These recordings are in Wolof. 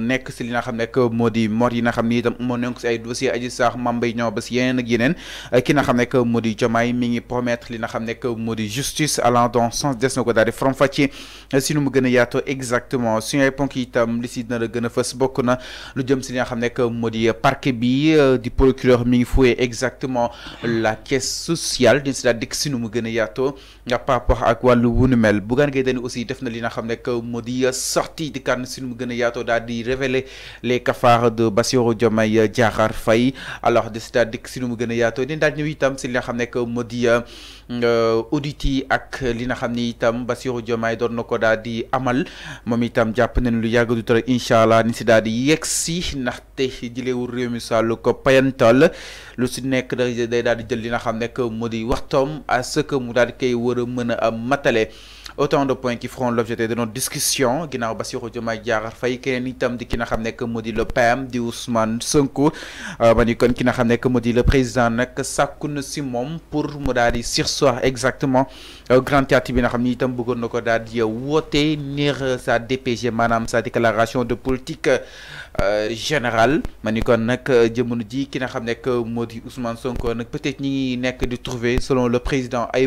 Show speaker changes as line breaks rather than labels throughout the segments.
nek ci li nga xam ne modi di yi nga xam itam ay dossier aji saax mambay ñoo ba si yeneen ak yeneen eh, ki nga xam ne moo mi ngi promettre li nga xam ne justice allant dans sens des na ko di eh, si nu mu gëna yato exactement si ay ponk itam li si dina la gën a fës na lu jëm ci nga xam ne moo parquet bi eh, di procureur mi ngi fouillé exactement la caisse sociale dina si daal dikk si nu mu gëna yato yaatoo nga par ak walu wunu mel gan Gueye Dany aussi def na li nga xam ne sortie de kan si nu mu gëna yato dal di révélé do ba de Bassirou Diomaye Diakhar Faye alors de si daal dikk si nu mu gën a yaatoo ni daal ñëw itam si li nga xam nekk moo di Euh, auditi ak li nga xamni ni itam Bassirou diomay doon di amal moom itam japp nañ lu yàgg du tara ni ci daal di yegg si ndaxte jëleewul réew mi ko payantal lu si nekk day daal di jël li nga xam nekk modi waxtom a à ce que mu daal di koy war a matalé autant de points qui feront l'objet de notre discussion ginaaw Bassirou diomay jaar fay keneen itam di ki nga xam modi modi le PM di Ousmane Sonko euh, bani kon ki nga xam modi le président que sakku na si mom pour mu di exactement euh, Grand Théâtre bi nga xamni sa DPG madame sa déclaration de politique euh, générale ma kon euh, ji ki nga xam que peut-être ñi trouver selon le président ay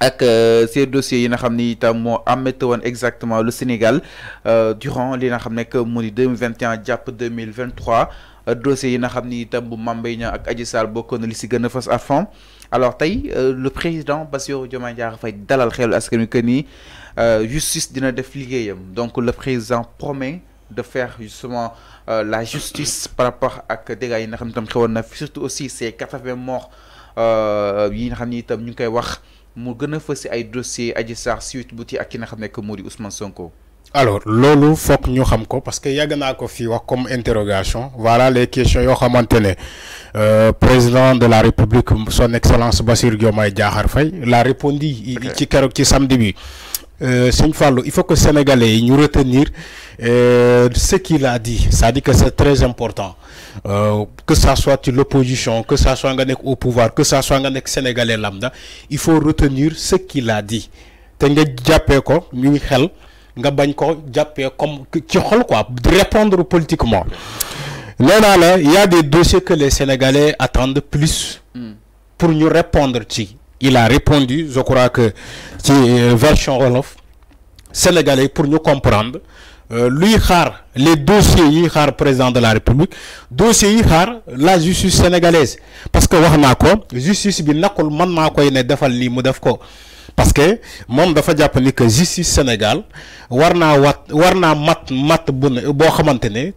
ak euh, ces dossiers yi nga xam ni itam moo amete woon exactement le Sénégal euh, durant li nga xam nekk mu ni deux mille vingt et un jàpp euh, dossiers yi nga xam ni itam bu Mame Mbaye Niang ak Adji Sarr bokkoon li si gën a à fond alors tey le président Bassirou Diomaye Diakhar Faye dalal xelu askan wi que ni justice dina def liggéeyam donc le président promet de faire justement la justice par rapport ak dégâts yi nga xam ne itam xewoon na fi surtout aussi ces quatre-vingts morts yi nga xam ni itam ñu ngi koy wax mo gën a ay dossier aji Sarr suite bouti ci ak ki nga xam ne que Ousmane Sonko.
alors lolu foog ñu xam ko parce que yàgg naa ko fi wax comme interrogation voilà les questions yo xamantene Le euh, président de la république son excellence Basir Diomaye jahar fay la répondu ci keroog ci samedi bi. Euh, il faut que sénégalais nous ñu retenir euh, ce qu'il a dit Ça dit que c'est très important euh, que ça soit l'opposition que ça soit au pouvoir que ça soit un sénégalais lambda il faut retenir ce qu'il a dit Il nga répondre politiquement il y a des dossiers que les sénégalais attendent plus hmm. pour nous répondre il a répondu je crois que ci euh, version wolof sénégalais pour nous comprendre euh, luy xaar les dossiers yi xaar président de la république dossier yi xaar la justice sénégalaise parce que wax naa ko justice bi nakul man maa koy ne defal lii mu def ko parce que moom dafa japonique ni justice Sénégal war naa wat war mat mat bu ne boo xamante ne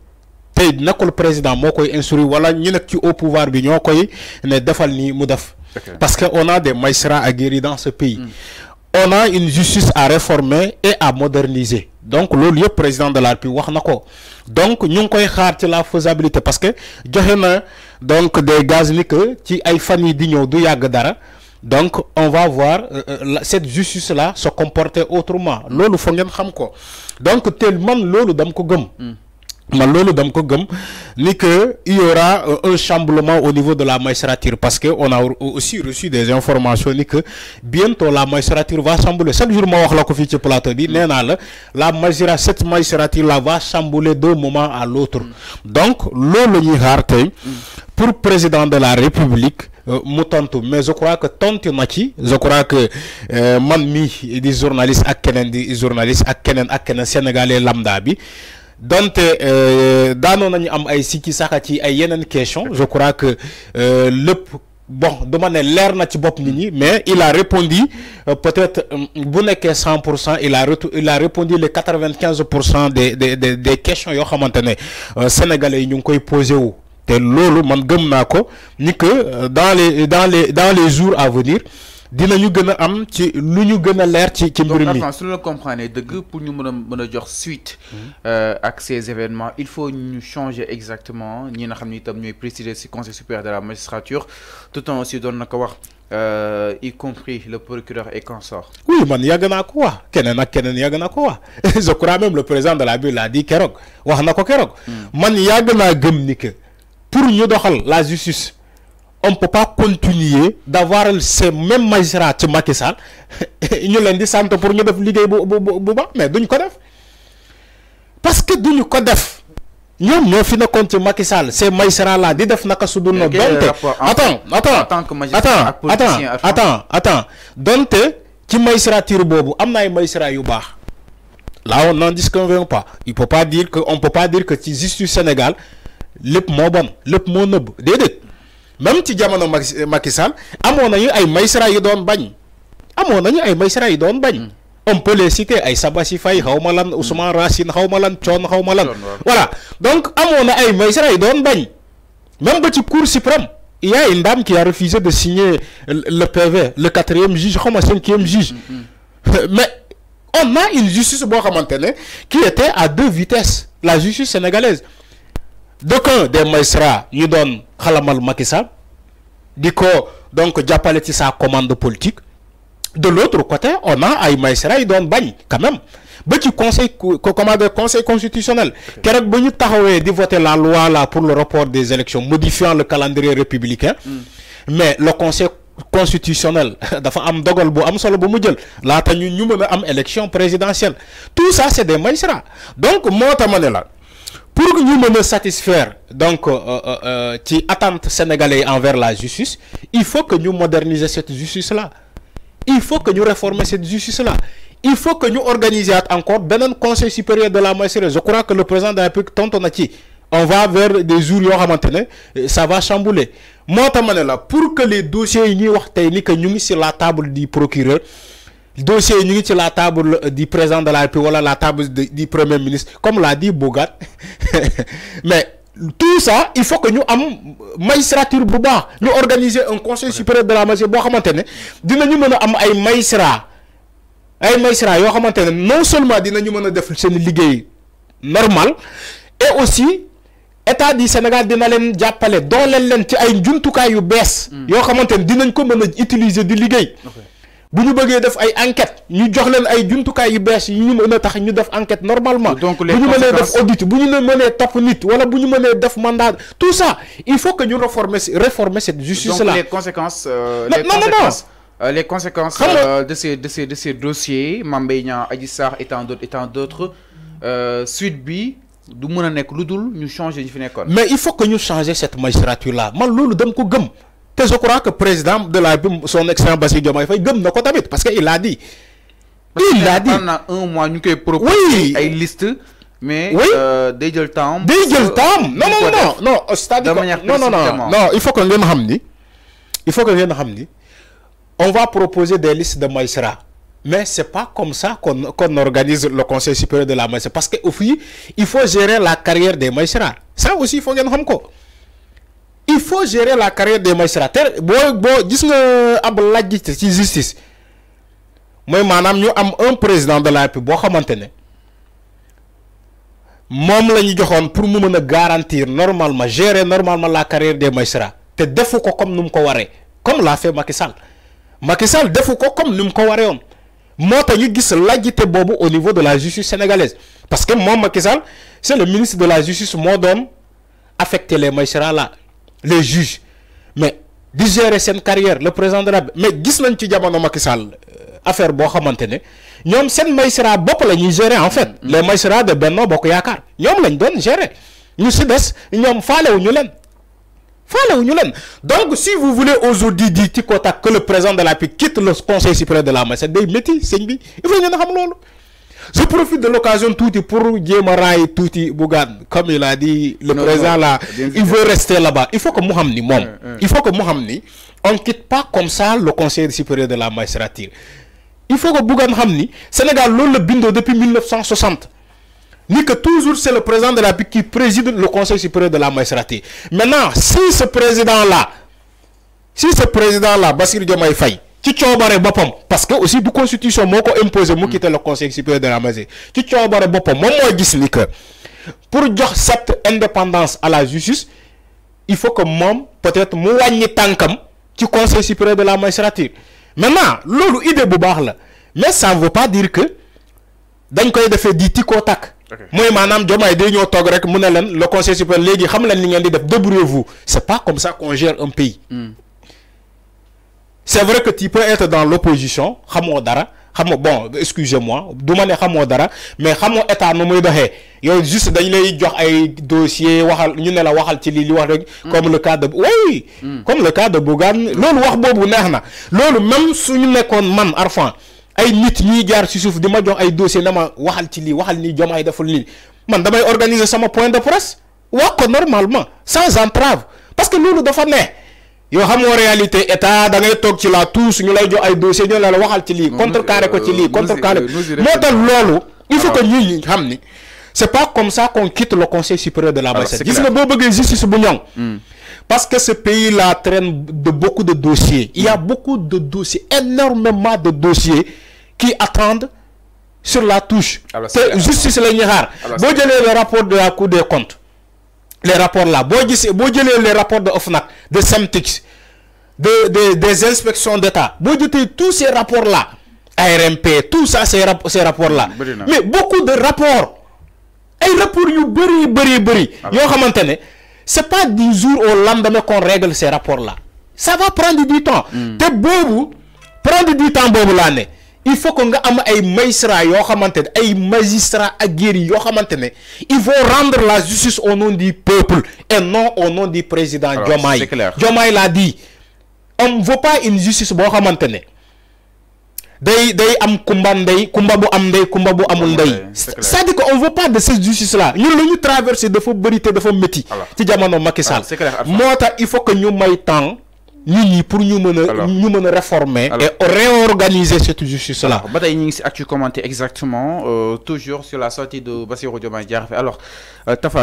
le nakul président moo koy instruire wala ñu nekk ci au pouvoir bi ñoo koy ne defal nii mu def Okay. Parce qu'on a des à aguerris dans ce pays. Hmm. On a une justice à réformer et à moderniser. Donc, le lieu président de la République, donc nous avons la faisabilité parce que donc des gaz qui sont famille familles de Yagadara. Donc, on va voir euh, euh, cette justice-là se comporter autrement. Lolo, faut Donc, tellement ce dam ko gum. Hmm. Mais ce ni que il y aura euh, un chamboulement au niveau de la magistrature parce que on a euh, aussi reçu des informations ni que bientôt la magistrature va chambouler chaque jour ma wax la ko fii ci plateau la cette magistrature là va chambouler d'un moment à l'autre donc ce Yiharte, pour président de la république euh, mu mais je crois que tant que je crois que manmi des journalistes, journaliste ak des di journaliste ak sénégalais lambda donte euh, daanoon nañu am ay sikki saxa ci ay yeneen question je crois que euh, lépp bon dama ne leer na ci bopp nit ñi mais il a répondu euh, peut-être bu nekkee 100% il a il a répondu les 95% des des des questions yoo xamante ne sénégalais yi ñu ngi koy posé wu. te loolu man gëm naa ko ni que dans les dans les dans les jours à venir dinañu gën a am ci lu ñu gën a leer ci ci donc
su la comprendre dëgg pour ñu mën a mën jox suite. à mm-hmm. euh, ces événements il faut ñu changer exactement ñi nga xam ni itam ñooy présider si conseil supérieur de la magistrature tout en aussi doon na ko wax. Euh, y compris le procureur et consort.
Oui, man, y'a gana quoi. Kenen a kenen a quoi. Je crois même le président de la Bible a dit a Wahana ko Kerok. Mm. Man, y'a gana gum Pour nous, la justice on peut pas continuer d'avoir ces mêmes magistrats ci Macky Sall ñu leen di pour ñu def liggéey bu bu bu mais duñ ko def parce que duñu ko def ñoom ñoo fi nekkoon ci Macky Sall ces magistrats là di def naka su dul na donte attends attends attends attends attends donte ci magistrature boobu tire na amna yu baax là on n'en disconvient pas il peut pas dire que on peut pas dire que tu ci au Sénégal le moo le lépp moo même ci jamono euh, Macky Sall amoon nañu ay maysara yu doon bañ amono ñu ay maysara yu doon bañ on peut les citer ay Sabassi Fay xaw hmm. Ousmane Racine xaw ma lan voilà donc amono ay maysara yu doon bañ même ba ci Cour suprême il y a une dame qui a refusé de signer le PV le quatrième juge le cinquième juge hmm, hmm. mais on a une justice qui était à deux vitesses la justice sénégalaise d'aucuns des magistrats ñu doon xalamal makissa diko donc jappalé ci sa commande politique de l'autre côté on a ay magistrats yi donnent bañ quand même ba ci conseil commande conseil constitutionnel keroog ba ñu taxawé di voter la loi là pour le report des élections modifiant le calendrier républicain hmm. mais le conseil constitutionnel dafa am dogal bu am solo bu mu jël la ñu am élection présidentielle tout ça c'est des magistrats donc moi, je là pour que nous nous satisfaire donc qui euh, euh, euh, attente sénégalais envers la justice il faut que nous modernisions cette justice là il faut que nous réformions cette justice là il faut que nous organisions encore un conseil supérieur de la magistrature je crois que le président de la République on a dit on va vers des jours à maintenir, ça va chambouler pour que les dossiers yi wax sur la table du procureur le dossier est ñu ngi la table du président de la République wala la table du premier ministre comme l'a dit Bogat. mais tout ça il faut que ñu am magistrature bu nous ñu organiser un conseil supérieur de la magistrature boo xamante ne dinañu mën am ay magistrat ay magistrat non seulement dinañu mën a def seen normal et aussi état du Sénégal dina jappalé jàppale len leen ci ay njumtukaay yu bess hmm. yo xamante dinañ ko mëna utiliser di liggéey buñu ñu bëggee def ay enquête ñu jox leen ay jumtukaay yu bees yi ñu mën a tax ñu def enquête normalement donc bu buñu mënee def audit bu ñu mënee topp nit wala bu ñu mënee def mandat tout ça il faut que ñu réformer réformer cette justice là donc les
conséquences euh, non, les non, conséquences non, euh, les conséquences euh, de ces de ces de ces dossiers Mame Mbaye Niang Sarr et tant d'autres et tant d'autres euh, suite bi
du mën a nekk lu dul ñu changer ñu fi nekkoon mais il faut que ñu changer cette magistrature là man loolu dama ko gëm te je crois que président de la République son excellent Bassi Diomaye Faye donne na ko tamit parce que il a dit. il a dit a un mois ñu koy proposer ay liste mais euh,
day jël temps. day jël temps non non non non de manière non non non non
il faut que vienne xam il faut qu'on vienne xam on va proposer des listes de Maïsra. mais c'est pas comme ça qu'on qu'on organise le conseil supérieur de la Maïsra. parce que fil il faut gérer la carrière des Maïsra. ça aussi il faut qu'on xam ko il faut gérer la carrière des magistrats Si bo dis gis nga ab justice Moi, maanaam ñu un président de la République boo xamante ne moom la pour mu garantir normalement gérer normalement la carrière des magistrats te comme nous mu ko comme l'a fait Macky Sall Macky Sall defu comme nous mu ko waree woon moo tax ñu gis justice au niveau de la justice sénégalaise parce que moi, Macky Sall c'est le ministre de la justice qui donne affecté les magistrats là les juges mais gérer carrière le président de la mais gis nañ ci jamono Macky euh, affaire bo xamantene, ñom sen seen maïsera la ñuy gérer en fait mm-hmm. les maïsera de Benno Bokk Yakar. Ñom lañ doon gérer ñu un un donc si vous voulez aujourd'hui dire ci que le président de la République quitte le conseil supérieur de la magistrature day métti bi il faut je profite de l'occasion tout pour Djemaray Touti Bougan. Comme il a dit, le président là, il veut rester là-bas. Il faut que Mohamni, il faut que Mohamni, on ne quitte pas comme ça le conseil supérieur de la magistrature. Il faut que Bougan Hamni, Sénégal, le bindo depuis 1960. Ni que toujours c'est le président de la qui préside le conseil supérieur de la magistrature. Maintenant, si ce président-là, si ce président-là, Basir Diomaye Faye, ci coobare boppam parce que aussi du constitution moo ko imposé mu quitté le conseil supérieur de la magistrature ci coobare boppam moom moo gis ni que pour jox cette indépendance à la justice il faut que moom peut-être mu wàññi tànkam ci conseil supérieur de la magistrature maintenant loolu idée bu baax la mais ça ne veut pas dire que dañ koy defee di tikkoo takk mooy maanaam jomaay day ñoo toog rek mu ne leen le conseil supérieur léegi xam leen li ngeen di def débrouillez-vous c'est pas comme ça qu'on gère un pays hmm c'est vrai que tu peux être dans l'opposition bon excusez-moi mais état juste dañ lay jox ay dossier la waxal mm. comme le cas de oui mm. comme le cas de Bougane wax le même suñu man Arfan ay nit ñuy ci suuf dossier waxal ci waxal man organiser sama point de presse normalement sans entrave parce que nous dafa yoo xamoo réalité état da ngay toog ci la tous ñu lay jox ay dossier ñu la waxal ci lii contrecarré euh, ko ci lii contrecarré moo tax loolu il faut que nous xam ni c'est pas comme ça qu'on quitte le conseil supérieur de la magistrature gis nga boo bëggee justice bu ñoŋ hmm. parce que ce pays là traîne de beaucoup de dossiers il y a beaucoup de dossiers énormément de dossiers qui attendent sur la touche te justice la ñuy xaar boo jëlee le rapport de la cour des comptes les rapports là les rapports de OFNAC de SEMTIX des inspections d'État vous tous ces rapports là RMP, tout ça ces rapports là. mais beaucoup de rapports ay rapports ah c'est pas du jour au lendemain qu'on règle ces rapports là ça va prendre du temps. De hmm. boobu prendre du temps boobu l'année il faut que nga am ay magistrats yoo xamante ay magistrats aguerris yoo xamante ne ils vont rendre la justice au nom du peuple et non au nom du président Diomaye Diomaye l'a dit on ne veut pas une justice boo xamante day day am kumba ndey kumba bu am ndey kumbabo bu amul ndey c'est-à-dire veut pas de cette justice là ñun lu ñu de dafa bëri de dafa métiers. ci jamono Macky Sall moo Moi, il faut que ñu may temps pour nous réformer et réorganiser cette justice là
commenté exactement euh, toujours sur la sortie de Bassirou Alors, euh,